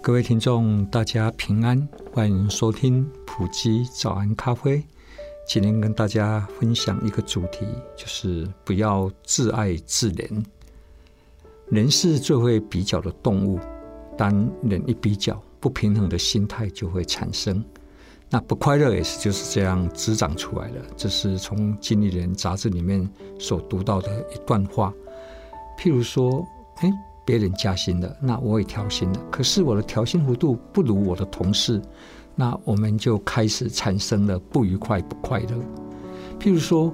各位聽眾，大家平安，歡迎收聽埔基早安咖啡。今天跟大家分享一個主題，就是不要自愛自憐。人是最會比較的動物，但人一比較，不平衡的心態就會產生，那不快樂也是就是這樣滋長出來的。這是從《經理人》雜誌裡面所讀到的一段話。譬如說，哎。別人加薪的，那我也調薪了。可是我的調薪幅度不如我的同事，那我們就開始產生了不愉快、不快樂。譬如說，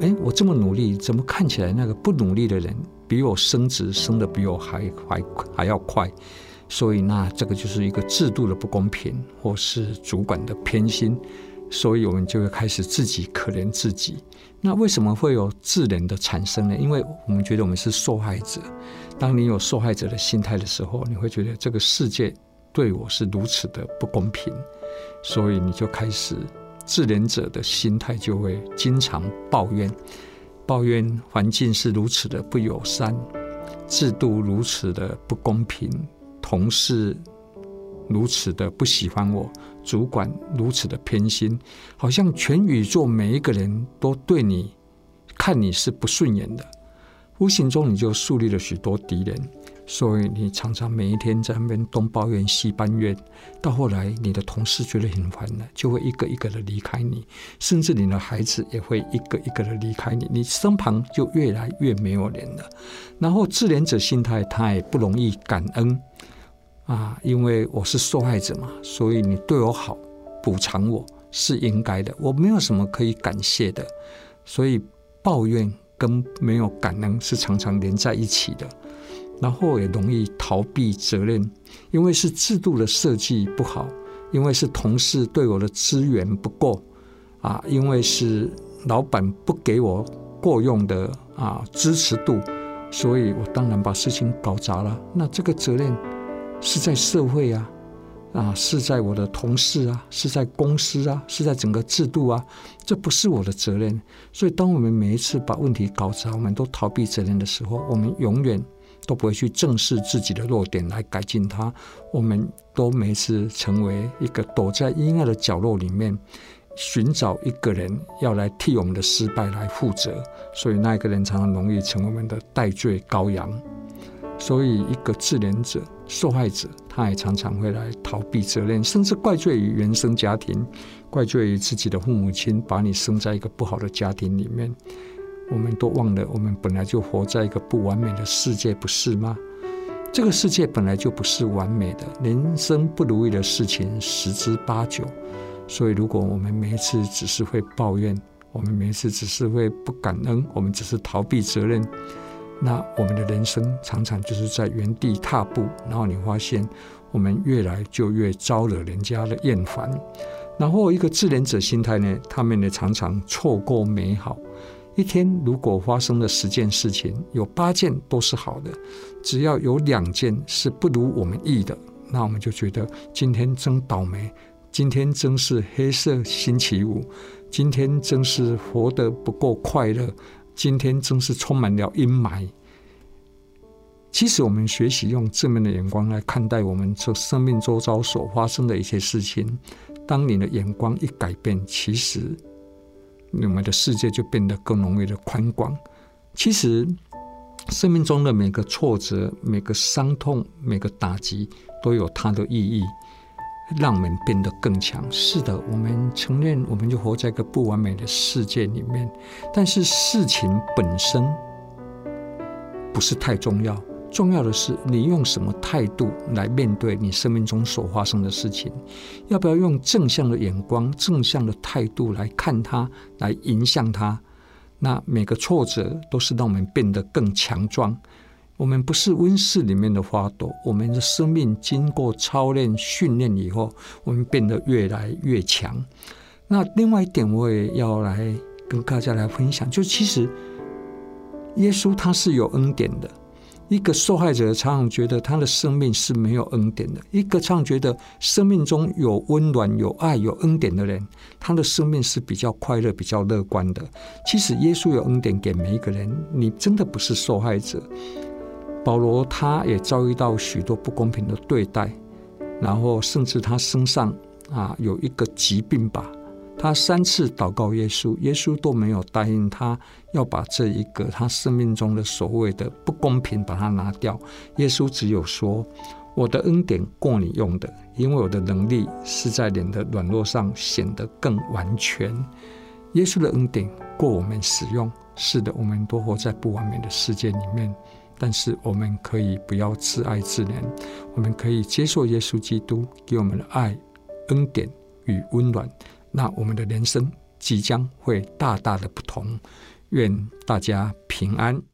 哎，我這麼努力，怎麼看起來那個不努力的人比我升職升得比我還還還要快？所以那這個就是一個制度的不公平，或是主管的偏心。所以，我們就會開始自己可憐自己。那為什麼會有自憐的產生呢？因為我們覺得我們是受害者。當你有受害者的心態的時候，你會覺得這個世界對我是如此的不公平，所以你就開始自憐者的心態就會經常抱怨，抱怨環境是如此的不友善，制度如此的不公平，同事。如此的不喜歡我，主管如此的偏心，好像全宇宙每一個人都對你看你是不順眼的，無形中你就樹立了許多敵人，所以你常常每一天在那邊東抱怨西抱怨，到後來你的同事覺得很煩了，就會一個一個的離開你，甚至你的孩子也會一個一個的離開你，你身旁就越來越沒有人了。然後自憐者心態，他也不容易感恩。啊，因為我是受害者嘛，所以你對我好，補償我是應該的。我沒有什麼可以感謝的，所以抱怨跟沒有感恩是常常連在一起的。然後也容易逃避責任，因為是制度的設計不好，因為是同事對我的資源不夠啊，因為是老闆不給我夠用的啊支持度，所以我當然把事情搞砸了。那這個責任。是在社會啊，啊是在我的同事啊，是在公司啊，是在整個制度啊，這不是我的責任。所以，當我們每一次把問題搞砸，我們都逃避責任的時候，我們永遠都不會去正視自己的弱點來改進它。我們都每次成為一個躲在陰暗的角落裡面，尋找一個人要來替我們的失敗來負責。所以，那一個人常常容易成為我們的代罪羔羊。所以，一個自憐者、受害者，他也常常會來逃避責任，甚至怪罪於原生家庭，怪罪於自己的父母親，把你生在一個不好的家庭裡面。我們都忘了，我們本來就活在一個不完美的世界，不是嗎？這個世界本來就不是完美的，人生不如意的事情十之八九。所以，如果我們每一次只是會抱怨，我們每一次只是會不感恩，我們只是逃避責任。那我們的人生常常就是在原地踏步，然後你發現我們越來就越招惹人家的厭煩。然後一個自憐者心態呢，他們也常常錯過美好。一天如果發生了十件事情，有八件都是好的，只要有兩件是不如我們意的，那我們就覺得今天真倒霉，今天真是黑色星期五，今天真是活得不夠快樂。今天真是充滿了陰霾。其實，我們學習用正面的眼光來看待我們這生命周遭所發生的一些事情。當你的眼光一改變，其實你們的世界就變得更容易的寬廣。其實，生命中的每個挫折、每個傷痛、每個打擊，都有它的意義。讓我們變得更強。是的，我們承認，我們就活在一個不完美的世界裡面。但是事情本身不是太重要，重要的是你用什麼態度來面對你生命中所發生的事情。要不要用正向的眼光、正向的態度來看它，來迎向它？那每個挫折都是讓我們變得更強壯。我們不是溫室裡面的花朵，我們的生命經過操練、訓練以後，我們變得越來越強。那另外一點，我也要來跟大家來分享，就其實耶穌他是有恩典的。一個受害者常常覺得他的生命是沒有恩典的，一個常常覺得生命中有溫暖、有愛、有恩典的人，他的生命是比較快樂、比較樂觀的。其實耶穌有恩典給每一個人，你真的不是受害者。保羅他也遭遇到許多不公平的對待，然後甚至他身上啊有一個疾病吧。他三次禱告耶穌，耶穌都沒有答應他要把這一個他生命中的所謂的不公平把它拿掉。耶穌只有說：“我的恩典夠你用的，因為我的能力是在你的軟弱上顯得更完全。”耶穌的恩典夠我們使用。是的，我們都活在不完美的世界裡面。但是我們可以不要自艾自憐，我們可以接受耶穌基督給我們的愛、恩典與溫暖，那我們的人生即將會大大的不同。願大家平安。